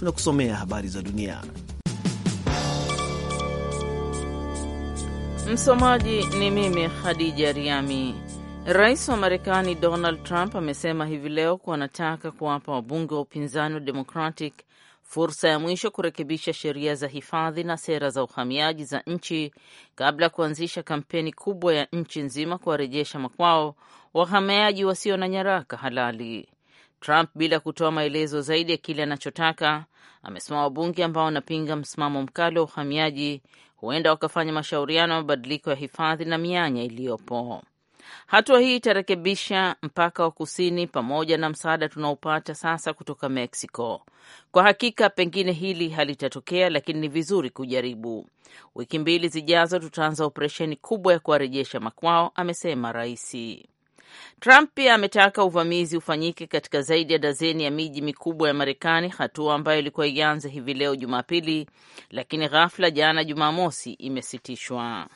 tunakusomea habari za dunia. Msomaji ni mimi Khadija Riami. Rais wa Marekani Donald Trump amesema hivi leo kuwa anataka kuwapa wabunge wa upinzani wa Democratic fursa ya mwisho kurekebisha sheria za hifadhi na sera za uhamiaji za nchi kabla ya kuanzisha kampeni kubwa ya nchi nzima kuwarejesha makwao wahamiaji wasio na nyaraka halali. Trump, bila kutoa maelezo zaidi ya kile anachotaka, amesema wabunge ambao wanapinga msimamo mkali wa uhamiaji huenda wakafanya mashauriano ya mabadiliko ya hifadhi na mianya iliyopo. Hatua hii itarekebisha mpaka wa kusini pamoja na msaada tunaopata sasa kutoka Mexico. Kwa hakika, pengine hili halitatokea, lakini ni vizuri kujaribu. Wiki mbili zijazo tutaanza operesheni kubwa ya kuwarejesha makwao, amesema raisi. Trump pia ametaka uvamizi ufanyike katika zaidi ya dazeni ya miji mikubwa ya Marekani, hatua ambayo ilikuwa ianze hivi leo Jumapili, lakini ghafla jana Jumamosi imesitishwa.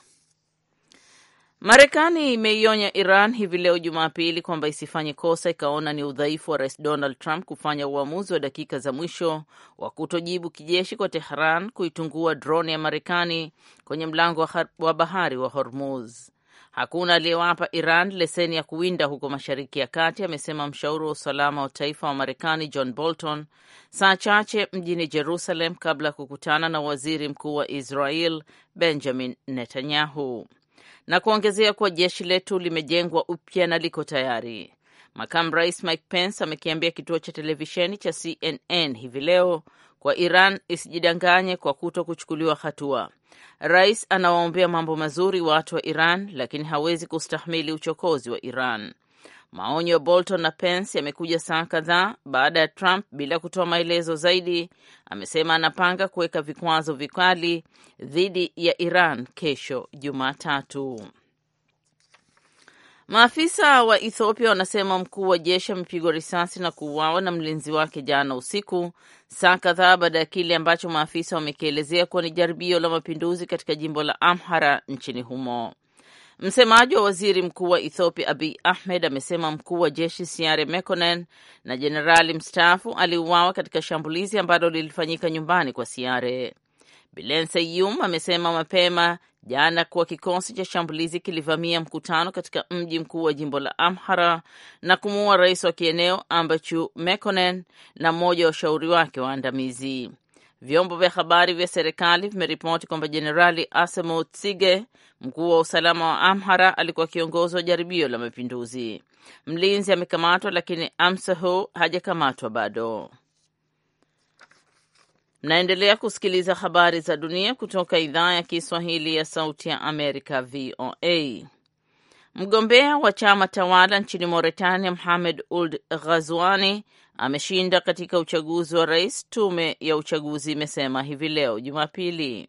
Marekani imeionya Iran hivi leo Jumapili kwamba isifanye kosa ikaona ni udhaifu wa Rais Donald Trump kufanya uamuzi wa dakika za mwisho wa kutojibu kijeshi kwa Tehran kuitungua droni ya Marekani kwenye mlango wa bahari wa Hormuz. Hakuna aliyewapa Iran leseni ya kuwinda huko Mashariki ya Kati, amesema mshauri wa usalama wa taifa wa Marekani John Bolton saa chache mjini Jerusalem kabla ya kukutana na waziri mkuu wa Israel Benjamin Netanyahu, na kuongezea kuwa jeshi letu limejengwa upya na liko tayari. Makamu Rais Mike Pence amekiambia kituo cha televisheni cha CNN hivi leo kwa Iran isijidanganye kwa kuto kuchukuliwa hatua Rais anawaombea mambo mazuri watu wa Iran, lakini hawezi kustahimili uchokozi wa Iran. Maonyo ya Bolton na Pence yamekuja saa kadhaa baada ya Trump bila kutoa maelezo zaidi, amesema anapanga kuweka vikwazo vikali dhidi ya Iran kesho Jumatatu. Maafisa wa Ethiopia wanasema mkuu wa jeshi amepigwa risasi na kuuawa na mlinzi wake jana usiku, saa kadhaa baada ya kile ambacho maafisa wamekielezea kuwa ni jaribio la mapinduzi katika jimbo la Amhara nchini humo. Msemaji wa waziri mkuu wa Ethiopia Abiy Ahmed amesema mkuu wa jeshi Siare Mekonen na jenerali mstaafu aliuawa katika shambulizi ambalo lilifanyika nyumbani kwa Siare. Bilen Seyum amesema mapema jana kuwa kikosi cha shambulizi kilivamia mkutano katika mji mkuu wa jimbo la Amhara na kumuua rais wa kieneo Ambachu Mekonen na mmoja wa washauri wake waandamizi. Vyombo vya habari vya serikali vimeripoti kwamba Jenerali Asemo Tsige, mkuu wa usalama wa Amhara, alikuwa kiongozi wa jaribio la mapinduzi. Mlinzi amekamatwa, lakini Amsahu hajakamatwa bado. Mnaendelea kusikiliza habari za dunia kutoka idhaa ya Kiswahili ya Sauti ya Amerika, VOA. Mgombea wa chama tawala nchini Mauritania, Mohamed uld Ghazwani, ameshinda katika uchaguzi wa rais, tume ya uchaguzi imesema hivi leo Jumapili.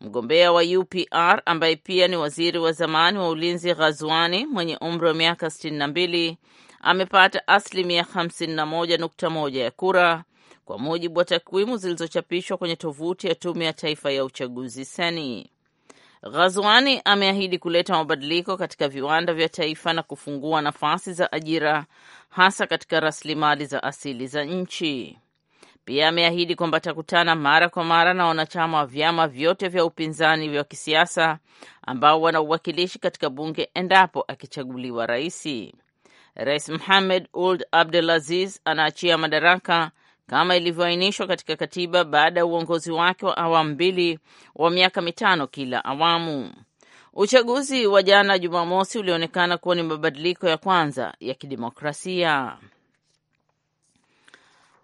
Mgombea wa UPR ambaye pia ni waziri wa zamani wa ulinzi Ghazwani mwenye umri wa miaka 62 amepata asilimia 51.1 ya kura kwa mujibu wa takwimu zilizochapishwa kwenye tovuti ya Tume ya Taifa ya Uchaguzi seni Ghazwani ameahidi kuleta mabadiliko katika viwanda vya taifa na kufungua nafasi za ajira hasa katika rasilimali za asili za nchi. Pia ameahidi kwamba atakutana mara kwa mara na wanachama wa vyama vyote vya upinzani vya kisiasa ambao wana uwakilishi katika bunge endapo akichaguliwa raisi. Rais Mohamed Ould Abdelaziz anaachia madaraka kama ilivyoainishwa katika katiba baada ya uongozi wake wa awamu mbili wa miaka mitano kila awamu. Uchaguzi wa jana Jumamosi ulionekana kuwa ni mabadiliko ya kwanza ya kidemokrasia.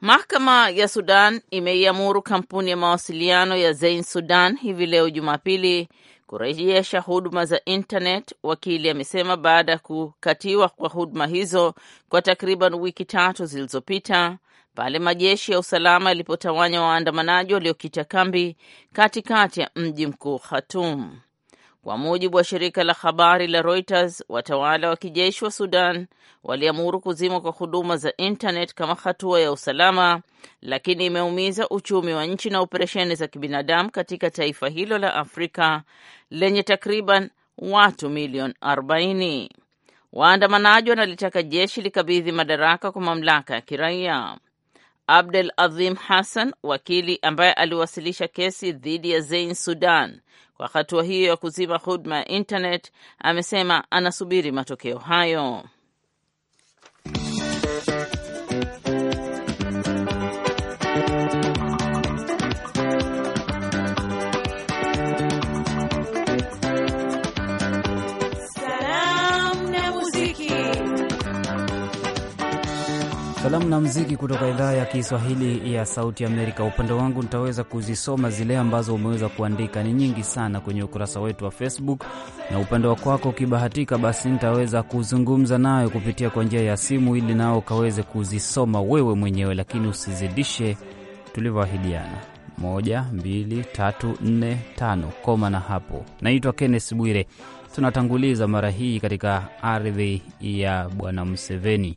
Mahakama ya Sudan imeiamuru kampuni ya mawasiliano ya Zain Sudan hivi leo Jumapili kurejesha huduma za internet, wakili amesema, baada ya kukatiwa kwa huduma hizo kwa takriban wiki tatu zilizopita, pale majeshi ya usalama yalipotawanya waandamanaji waliokita kambi katikati ya mji mkuu Khartoum. Kwa mujibu wa shirika la habari la Reuters, watawala wa kijeshi wa Sudan waliamuru kuzimwa kwa huduma za intanet kama hatua ya usalama, lakini imeumiza uchumi wa nchi na operesheni za kibinadamu katika taifa hilo la Afrika lenye takriban watu milioni 40. Waandamanaji wanalitaka jeshi likabidhi madaraka kwa mamlaka ya kiraia. Abdel Adhim Hassan, wakili ambaye aliwasilisha kesi dhidi ya Zein Sudan kwa hatua hiyo ya kuzima huduma ya intanet, amesema anasubiri matokeo hayo. Salamu na mziki kutoka idhaa ya Kiswahili ya Sauti Amerika. Upande wangu nitaweza kuzisoma zile ambazo umeweza kuandika, ni nyingi sana kwenye ukurasa wetu wa Facebook, na upande wa kwako ukibahatika, basi nitaweza kuzungumza nayo kupitia kwa njia ya simu, ili nao ukaweze kuzisoma wewe mwenyewe, lakini usizidishe tulivyoahidiana. Moja, mbili, tatu, nne, tano, koma na hapo. Naitwa Kenneth Bwire, tunatanguliza mara hii katika ardhi ya Bwana mseveni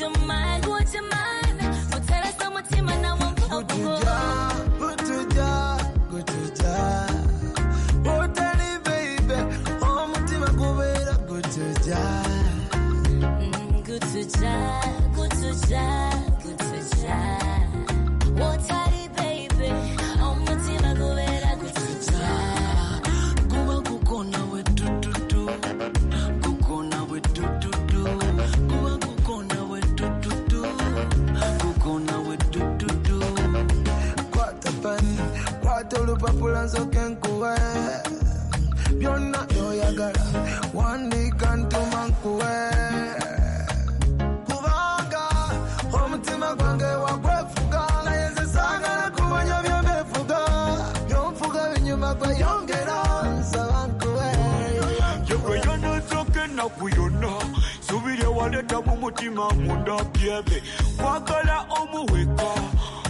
your mind. papula nsoke nkuwe byonna byoyagala wandika ntuma nkuwe kubanga omutima gwange wagwefuga naye nze saagala kumanya byondefuga byonfuga binyuma gweyongera nsaba nkuwe yogoyona nsoke ennaku yonna subire waleta mu mutima munda byebe kwagala omuweka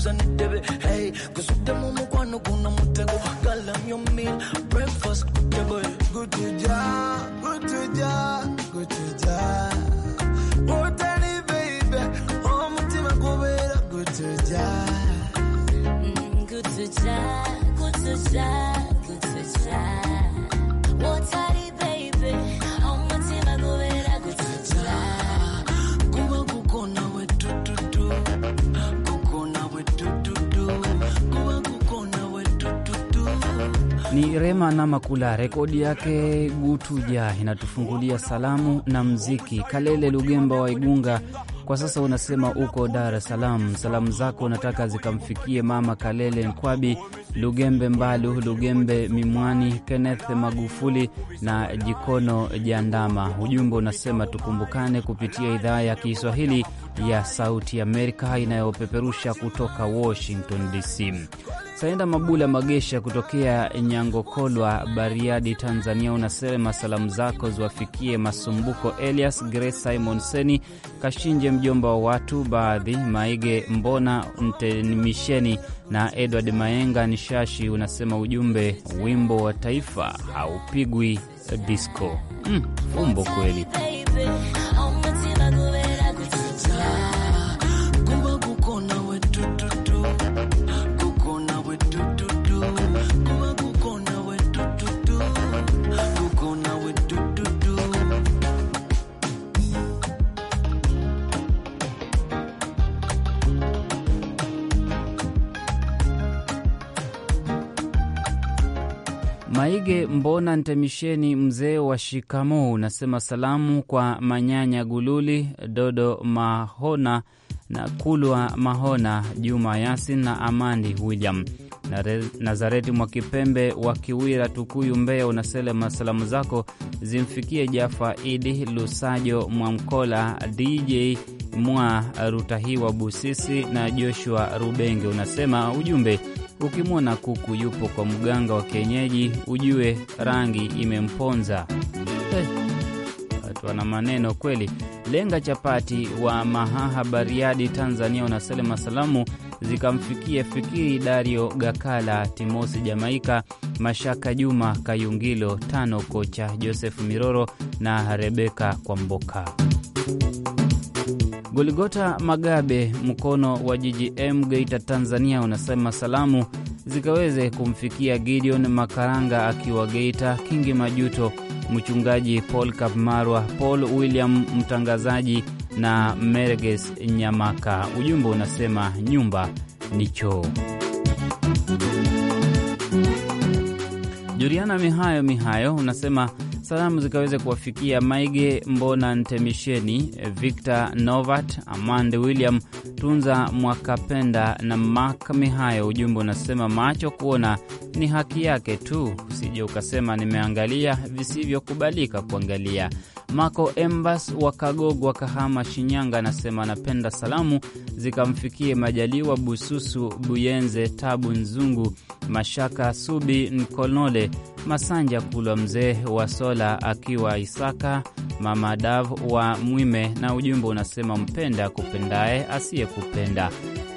yüzden debe hey cause ni Rema na Makula. Rekodi yake Gutuja inatufungulia salamu na mziki. Kalele Lugemba wa Igunga kwa sasa unasema uko Dar es Salaam. Salamu zako unataka zikamfikie mama Kalele Nkwabi, Lugembe Mbalu, Lugembe Mimwani, Kenneth Magufuli na Jikono Jandama. Ujumbe unasema tukumbukane kupitia idhaa ya Kiswahili ya Sauti Amerika inayopeperusha kutoka Washington DC. Saenda Mabula Magesha kutokea Nyangokolwa, Bariadi, Tanzania, unasema salamu zako ziwafikie Masumbuko Elias, Grace Simon Seni, Kashinje mjomba wa watu baadhi, Maige Mbona Mtemisheni na Edward Maenga Nishashi. Unasema ujumbe, wimbo wa taifa haupigwi disco Mm, umbo kweli. Maige Mbona Ntemisheni, mzee wa shikamo, unasema salamu kwa Manyanya Gululi, Dodo Mahona na Kulwa Mahona, Juma Yasin na Amandi William Nazareti Mwakipembe wa Kiwira, Tukuyu, Mbeya. Unasema salamu zako zimfikie Jafa Idi Lusajo Mwamkola, DJ Mwa Rutahiwa Busisi na Joshua Rubenge. Unasema ujumbe Ukimwona kuku yupo kwa mganga wa kienyeji, ujue rangi imemponza. Eh, watu wana maneno kweli. Lenga chapati wa Mahaha, Bariadi, Tanzania, unaselema salamu zikamfikia Fikiri Dario Gakala, Timosi Jamaika, Mashaka Juma Kayungilo, Tano Kocha, Josefu Miroro na Rebeka Kwamboka. Goligota Magabe mkono wa GGM Geita, Tanzania, unasema salamu zikaweze kumfikia Gideon Makaranga akiwa Geita, Kingi Majuto, mchungaji Paul Kapmarwa, Paul William mtangazaji na Mereges Nyamaka. Ujumbe unasema nyumba ni choo. Juliana Mihayo Mihayo unasema salamu zikaweze kuwafikia Maige Mbona, Ntemisheni Victor, Novat Amande, William Tunza, Mwakapenda na Mak Mihayo. Ujumbe unasema macho kuona ni haki yake tu, usije ukasema nimeangalia visivyokubalika kuangalia. Marco Embas wa Kagogwa, Kahama, Shinyanga, anasema anapenda salamu zikamfikie Majaliwa Bususu, Buyenze, Tabu Nzungu, Mashaka Subi, nkonole Masanja Kulwa, mzee wa Sola akiwa Isaka, Mama Dav wa Mwime, na ujumbe unasema mpenda kupendaye asiyekupenda.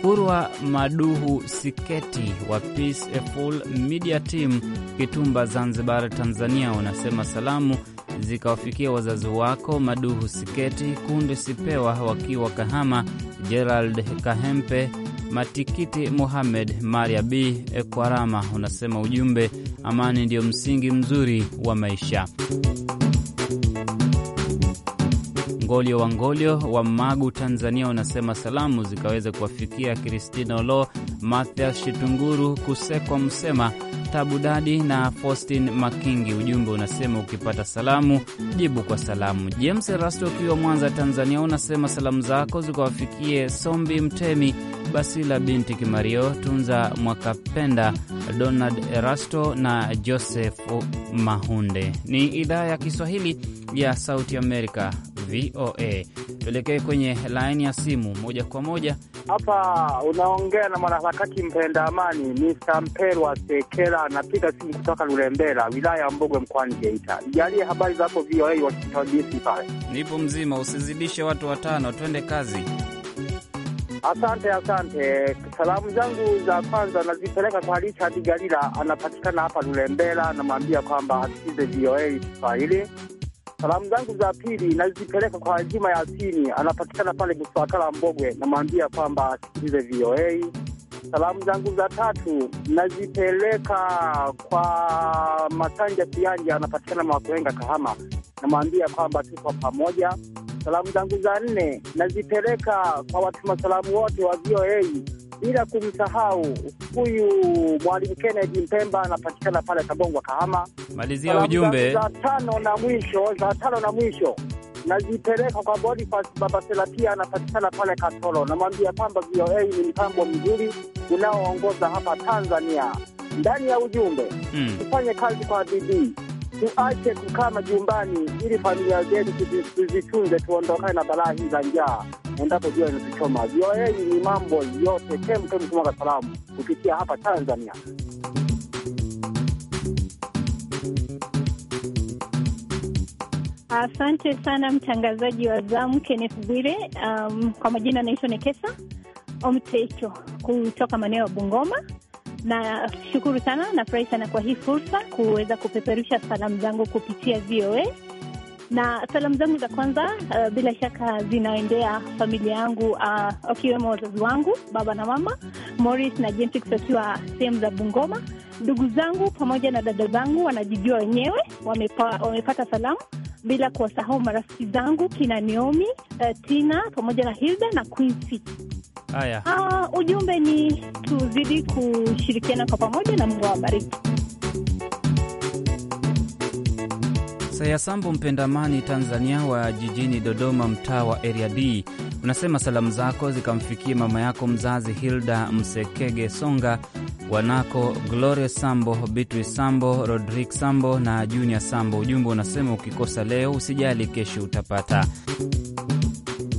Urwa Maduhu Siketi wa Peaceful Media Team Kitumba, Zanzibar, Tanzania, wanasema salamu zikawafikia wazazi wako Maduhu Siketi, Kunde Sipewa wakiwa Kahama, Gerald Kahempe, Matikiti muhamed Maria B Ekwarama. Unasema ujumbe, amani ndiyo msingi mzuri wa maisha. Wangolio Wangolio wa Magu, Tanzania, unasema salamu zikaweza kuwafikia Kristina Olo, Mathias Shitunguru, Kusekwa Msema, Tabudadi na Faustin Makingi. Ujumbe unasema ukipata salamu jibu kwa salamu. James Rasto ukiwa Mwanza, Tanzania, unasema salamu zako zikawafikie Sombi Mtemi, Basila binti Kimario, Tunza Mwakapenda, Donald Erasto na Joseph Mahunde. Ni idhaa ya Kiswahili ya Sauti Amerika. VOA. Tuelekee kwenye laini ya simu moja kwa moja. Hapa unaongea na mwanaharakati mpenda amani Mr. Mperwa Sekela, anapiga simu kutoka Lulembela, wilaya ya Mbogwe, mkoani Geita. Ijalie habari zako VOA wakitadisi pale. Nipo mzima, usizidishe watu watano, twende kazi. Asante, asante. Salamu zangu za kwanza nazipeleka kwa Richard Galila, anapatikana hapa Lulembela. Namwambia kwamba asikize VOA Kiswahili. Salamu zangu za pili nazipeleka kwa Azima Yasini, anapatikana pale Buswakala Mbogwe, namwambia kwamba asikilize VOA. Salamu zangu za tatu nazipeleka kwa Masanja Kianja, anapatikana Makuenga, Kahama, namwambia kwamba tuko pamoja. Salamu zangu za nne nazipeleka kwa watu masalamu wote wa VOA bila kumsahau huyu mwalimu Kennedy Mpemba anapatikana pale Tabongwa, Kahama. Malizia ujumbe za tano na mwisho, za tano na mwisho nazipeleka kwa Boniface Baba Selatia, anapatikana pale Katoro. Namwambia kwamba VOA ni mpango mzuri unaoongoza hapa Tanzania. Ndani ya ujumbe hmm, tufanye kazi kwa bidii, tuache kukaa majumbani ili familia zetu tuzitunze, tuondokane na balaa hii za njaa endapo jua inatuchoma. VOA ni mambo yote kemkem, kumwaga salamu kupitia hapa Tanzania. Asante sana mtangazaji wa zamu Kenneth Bwire. Um, kwa majina anaitwa Nekesa Omtecho kutoka maeneo ya Bungoma. Nashukuru sana, nafurahi sana kwa hii fursa kuweza kupeperusha salamu zangu kupitia VOA na salamu zangu za kwanza uh, bila shaka zinaendea familia yangu ah, wakiwemo uh, wazazi wangu baba na mama Morris na Jentix wakiwa sehemu za Bungoma, ndugu zangu pamoja na dada zangu wanajijua wenyewe, wamepa, wamepata salamu bila kuwasahau marafiki zangu kina Naomi, uh, Tina pamoja na Hilda na Quincy. Haya, uh, ujumbe ni tuzidi kushirikiana kwa pamoja na Mungu awabariki. Sambo mpenda amani Tanzania wa jijini Dodoma, mtaa wa Area d unasema salamu zako zikamfikie mama yako mzazi Hilda Msekege Songa, wanako Gloria Sambo, bitri Sambo, Rodrik Sambo na Junior Sambo. Ujumbe unasema ukikosa leo usijali, kesho utapata.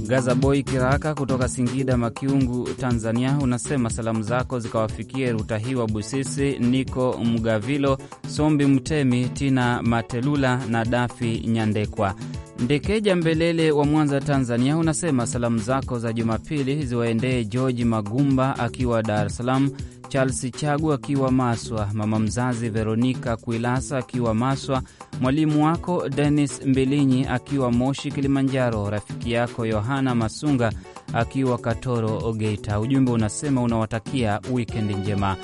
Gaza boi Kiraka kutoka Singida Makiungu, Tanzania, unasema salamu zako zikawafikie Rutahiwa Busisi, Niko Mgavilo, Sombi Mtemi, Tina Matelula na Dafi Nyandekwa. Ndekeja Mbelele wa Mwanza, Tanzania, unasema salamu zako za Jumapili ziwaendee George Magumba akiwa Dar es Salaam, Charles Chagu akiwa Maswa, mama mzazi Veronika Kuilasa akiwa Maswa, mwalimu wako Denis Mbilinyi akiwa Moshi, Kilimanjaro, rafiki yako Yohana Masunga akiwa Katoro, ogeita Ujumbe unasema unawatakia wikendi njema.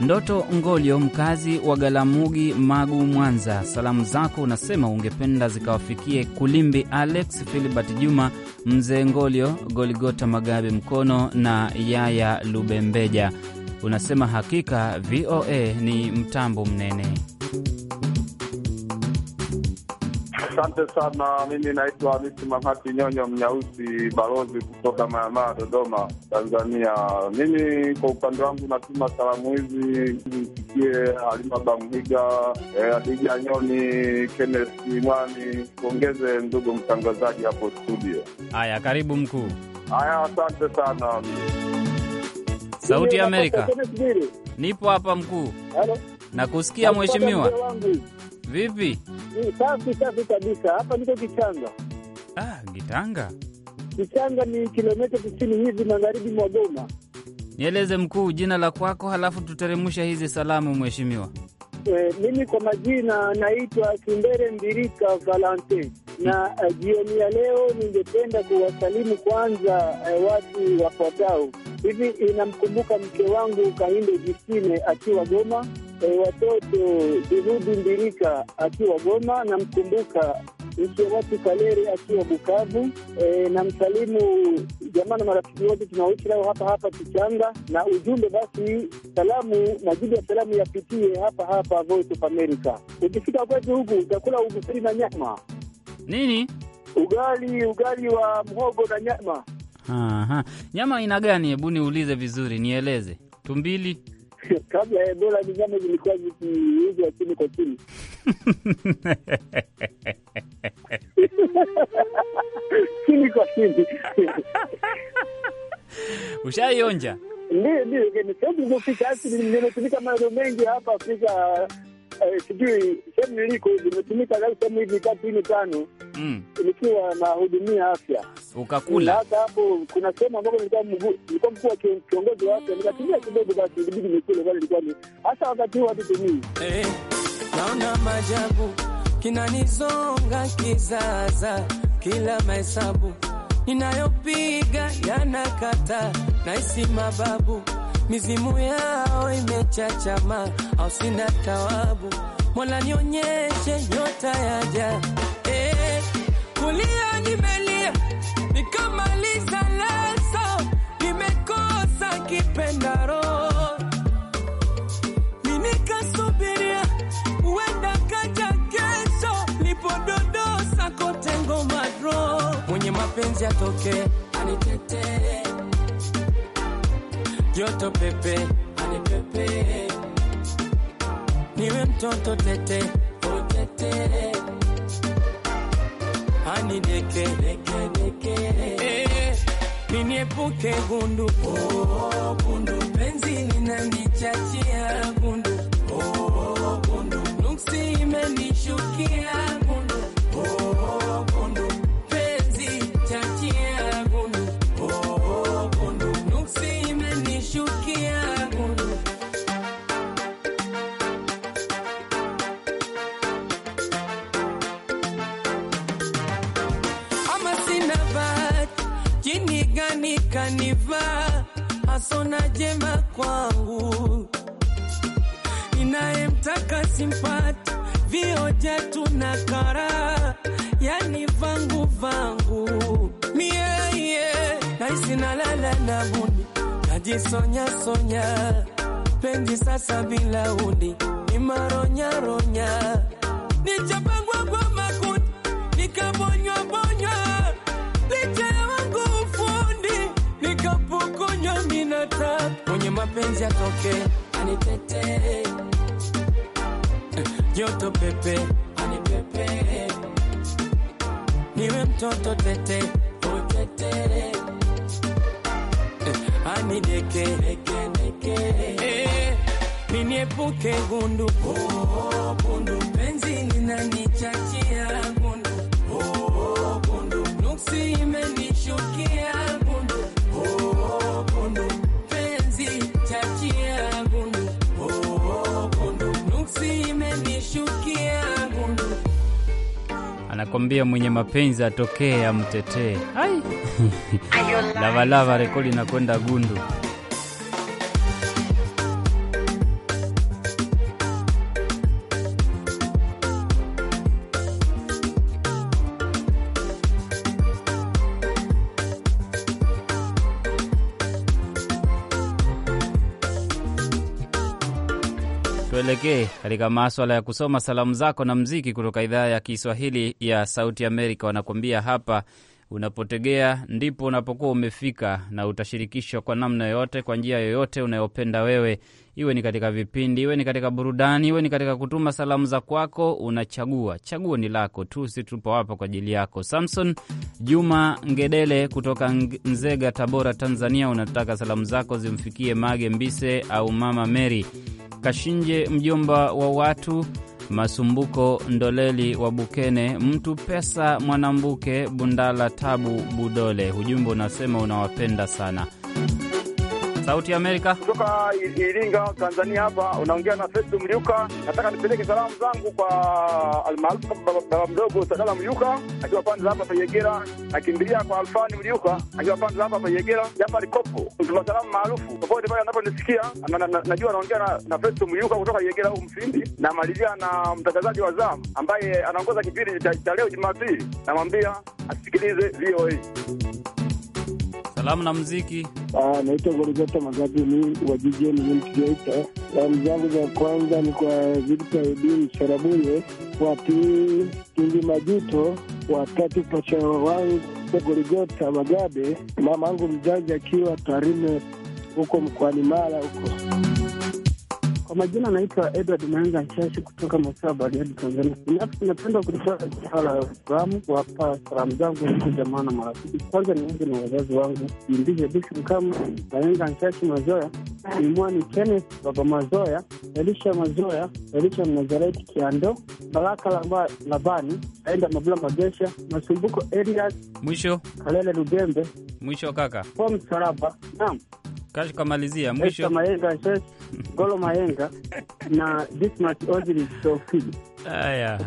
Ndoto Ngolio, mkazi wa Galamugi, Magu, Mwanza, salamu zako unasema ungependa zikawafikie Kulimbi Alex, Filibert Juma, Mzee Ngolio, Goligota Magabe Mkono na Yaya Lubembeja unasema hakika VOA ni mtambo mnene. Asante sana. Mimi naitwa Hamisi Manghati Nyonyo Mnyausi, balozi kutoka Mayamaa, Dodoma, Tanzania. Mimi kwa upande wangu natuma salamu hizi msikie Halima Bamhiga, eh, Adija Nyoni, Kenneth Mwani. Kuongeze ndugu mtangazaji hapo studio. Haya, karibu mkuu. Haya, asante sana. Sauti ya Amerika. Nipo hapa mkuu. Halo. Nakusikia mheshimiwa. Vipi? Safi safi kabisa. Hapa niko Kichanga. Ah, Kitanga. Kichanga ni kilomita 90 hivi magharibi mwa Goma. Nieleze mkuu, jina la kwako halafu tuteremusha hizi salamu mheshimiwa. Eh, mimi kwa majina naitwa Kimbere Mbirika Valante na eh, jioni ya leo ningependa kuwasalimu kwanza eh, watu wafuatao hivi. Inamkumbuka mke wangu Kahinde jisine akiwa Goma, eh, watoto Juhudi Mbirika akiwa Goma, namkumbuka Mkiwati Kaleri akiwa Bukavu. E, na msalimu jamaa na marafiki wote tunaoishi nao hapa hapa Kichanga, na ujumbe basi, salamu majibu ya salamu yapitie hapa hapa Voice of America. Ukifika kwetu huku utakula ugufiri na nyama nini, ugali ugali wa mhogo na nyama. Aha. Nyama aina gani? Hebu niulize vizuri, nieleze. Tumbili kabla ya Ebola ni nyama zilikuwa zikiuzwa chini kwa chini. chini kwa chini. Ushaionja? Ndio, ndio, nimefika mengi hapa Afrika Eh, sijui sehemu niliko hivi imetumika karibu sehemu hivi tatu ini tano mm. nikiwa nahudumia afya. Ukakula hata hapo, kuna sehemu ambapo nilikuwa mkuu wa kiongozi wa afya, nikatumia kidogo, basi ilibidi nikule, kwani ilikuwa ni hasa wakati huu hatutumii. Eh, naona majabu kinanizonga kizaza, kila mahesabu ninayopiga yanakata, naisi mababu mizimu yao imechachama, au sina tawabu, Mola nionyeshe nyota yaja. Eh, kulia nimelia nikamaliza leso, nimekosa kipendaro mapenzi atoke anitetee joto pepe, ani pepe, niwe mtoto tete, o ani deke deke deke, eh, niniepuke gundu, oh, gundu penzi ninanichachia gundu pepe anipete joto pepe anipepe niwe mtoto tete utete anideke deke deke eh, niniepuke gundu oh, oh, gundu penzi linanichachia gundu oh, gundu nuksi imenishukia nakwambia mwenye mapenzi atokee amtetee. Ai, Lavalava rekodi inakwenda gundu. tuelekee katika maswala ya kusoma salamu zako na mziki kutoka idhaa ya Kiswahili ya Sauti Amerika. Wanakuambia hapa unapotegea ndipo unapokuwa umefika, na utashirikishwa kwa namna yoyote, kwa njia yoyote unayopenda wewe, iwe ni katika vipindi, iwe ni katika burudani, iwe ni katika kutuma salamu za kwako. Unachagua, chaguo ni lako tu, si tupo hapa kwa ajili yako. Samson Juma Ngedele kutoka Nzega, Tabora, Tanzania, unataka salamu zako zimfikie Mage Mbise au Mama Mary Kashinje, mjomba wa watu Masumbuko Ndoleli wa Bukene, Mtu Pesa Mwanambuke, Bundala Tabu Budole. ujumbe unasema unawapenda sana. Sauti ya Amerika kutoka Iringa, Tanzania. Hapa unaongea na Festo Mliuka. Nataka nipeleke salamu zangu kwa almaarufu baba mdogo Sadala Mliuka akiwa pande hapa Payegera, nakimbilia kwa Alfani Mliuka akiwa pande hapa Payegera, jamba likopo mtuma salamu maarufu popote pale anaponisikia. Najua anaongea na Festo Mliuka kutoka Yegera huko Msindi. Namalizia na mtangazaji wa zam ambaye anaongoza kipindi cha leo Jumapili, namwambia asikilize VOA. Salamu na mziki. Ah, naitwa Gorogota Magabi ni wa jijini Mtgeita. Salamu zangu za kwanza ni kwa Vikta Edini Sarabuye wapili Kindi Majuto, watatu pacha wangu Gorigota Magabe, mama angu mzazi akiwa Tarime huko mkoani Mara huko kwa majina anaitwa Edward maenga Nchashi kutoka Masaa Bariadi, Tanzania. Binafsi napenda kutoa sala la Uislamu, kuwapa salamu zangu huku jamaa na marafiki. Kwanza nianze na wazazi wangu Mbize Bisu Mkamu, Maenza Nchashi Mazoya, Imwani Kenneth Baba Mazoya, Elisha Mazoya, Elisha Mnazareti Kiando, Baraka Labani, Aenda Mabula Magesha, Masumbuko Elias, mwisho Kalele Lugembe, mwisho kaka kwa msalaba. Naam. Kashi kamalizia mwisho Mayenga, Golo Mayenga na Dismas Ozil Haya,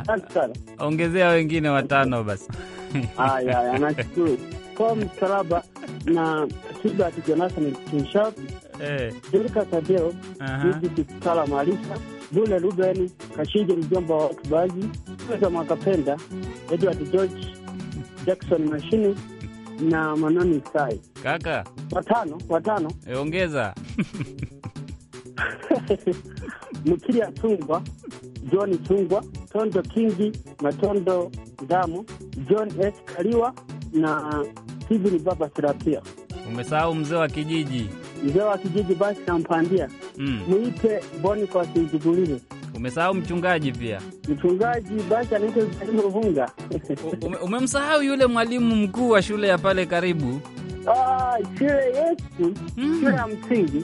ongezea wengine watano basi. Haya, nashukuru na Filbert Jonathan Kinshap, Jerika Bule Ruben mjomba wa watu baadhi za Edward George Jackson Mashini na Manoni sai Kaka watano watano, e, ongeza ya Tungwa, John Tungwa, Tondo Kingi, Matondo damu John S Kaliwa na ni Baba Serapia. Umesahau mzee wa kijiji, mzee wa kijiji. Basi nampandia mm, mwite Boni kwa Sinzugulile Umesahau mchungaji pia. Mchungaji basi anaitwa Ruvunga. Umemsahau yule mwalimu mkuu wa shule ya pale karibu ah, shule yetu, hmm. shule ya msingi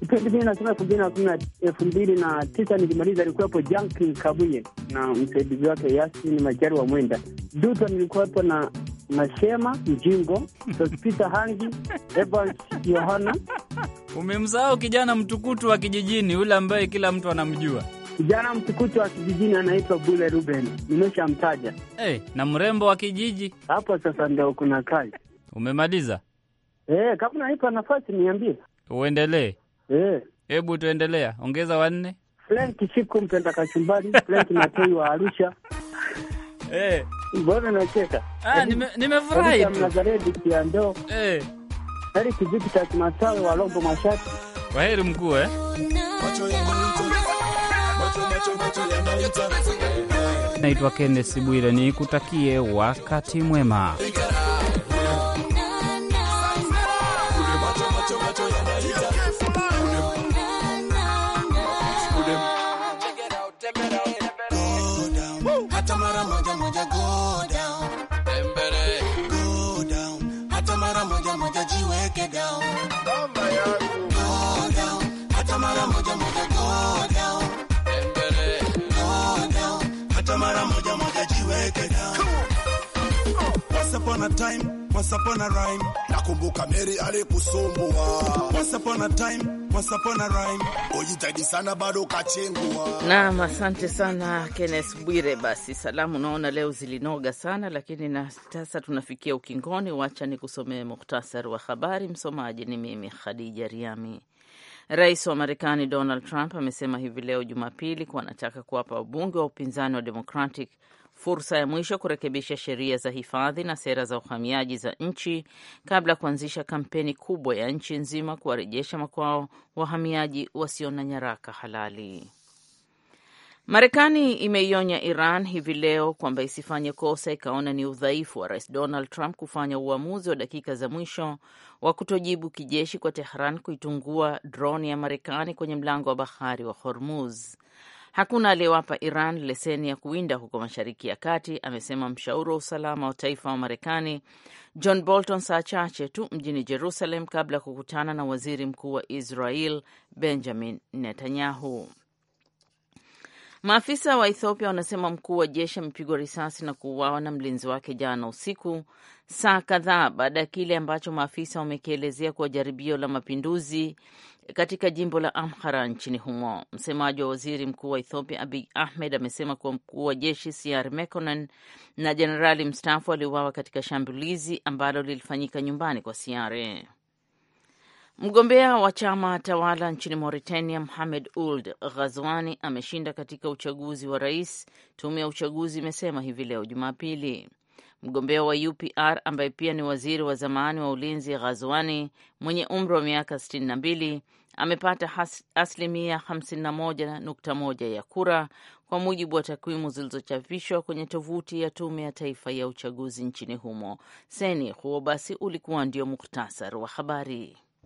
kipindi hmm. mimi nasoma elfu mbili na tisa nikimaliza, alikuwepo Jankin Kabuye na msaidizi wake Yasin Majari wa Mwenda Duto, nilikuwepo na Mashema Mjimbo, Sospeter Hangi, Evans Yohana. Umemsahau kijana mtukutu wa kijijini yule ambaye kila mtu anamjua. Kijana mtukutu wa kijijini anaitwa Bule Ruben, nimeshamtaja. Hey, eh, na mrembo wa kijiji hapo. Sasa ndio kuna kazi. Umemaliza? Hey, eh, kama naipa nafasi niambie, uendelee. Eh. Hebu hey, tuendelea, ongeza wanne. Frank Siku mpenda kachumbari, Frank Matei wa Arusha. hey. Mbona nacheka? Ah, nimefurahi. Nazareti ya Eh. Heri kiziki cha kimasawe wa Lombo Mashati. Waheri mkuu eh. Naitwa Kenneth Bwire ni kutakie wakati mwema. upon a time, once upon a rhyme. Nakumbuka Mary alikusumbua. Once upon a time upon a rhyme sana bado kachengua. Naam, asante sana Kenneth Bwire. Basi salamu, naona leo zilinoga sana, lakini na sasa tunafikia ukingoni. Wacha nikusomee muhtasari wa habari. Msomaji ni mimi Khadija Riami. Rais wa Marekani Donald Trump amesema hivi leo Jumapili kuwa anataka kuwapa wabunge wa upinzani wa Democratic fursa ya mwisho kurekebisha sheria za hifadhi na sera za uhamiaji za nchi kabla ya kuanzisha kampeni kubwa ya nchi nzima kuwarejesha makwao wahamiaji wasio na nyaraka halali. Marekani imeionya Iran hivi leo kwamba isifanye kosa ikaona ni udhaifu wa Rais Donald Trump kufanya uamuzi wa dakika za mwisho wa kutojibu kijeshi kwa Tehran kuitungua droni ya Marekani kwenye mlango wa bahari wa Hormuz. Hakuna aliyewapa Iran leseni ya kuwinda huko Mashariki ya Kati, amesema mshauri wa usalama wa taifa wa Marekani John Bolton saa chache tu mjini Jerusalem kabla ya kukutana na waziri mkuu wa Israel Benjamin Netanyahu. Maafisa wa Ethiopia wanasema mkuu wa jeshi amepigwa risasi na kuuawa na mlinzi wake jana usiku, saa kadhaa baada ya kile ambacho maafisa wamekielezea kuwa jaribio la mapinduzi katika jimbo la Amhara nchini humo. Msemaji wa waziri mkuu wa Ethiopia Abiy Ahmed amesema kuwa mkuu wa jeshi CR Mekonnen na jenerali mstaafu waliuawa katika shambulizi ambalo lilifanyika nyumbani kwa Siare. Mgombea wa chama tawala nchini Mauritania, Mohamed uld Ghazwani, ameshinda katika uchaguzi wa rais, tume ya uchaguzi imesema hivi leo Jumapili. Mgombea wa UPR ambaye pia ni waziri wa zamani wa ulinzi Ghazwani mwenye umri wa miaka 62 amepata asilimia 51.1 ya kura kwa mujibu wa takwimu zilizochapishwa kwenye tovuti ya tume ya taifa ya uchaguzi nchini humo seni. Huo basi ulikuwa ndio muktasari wa habari.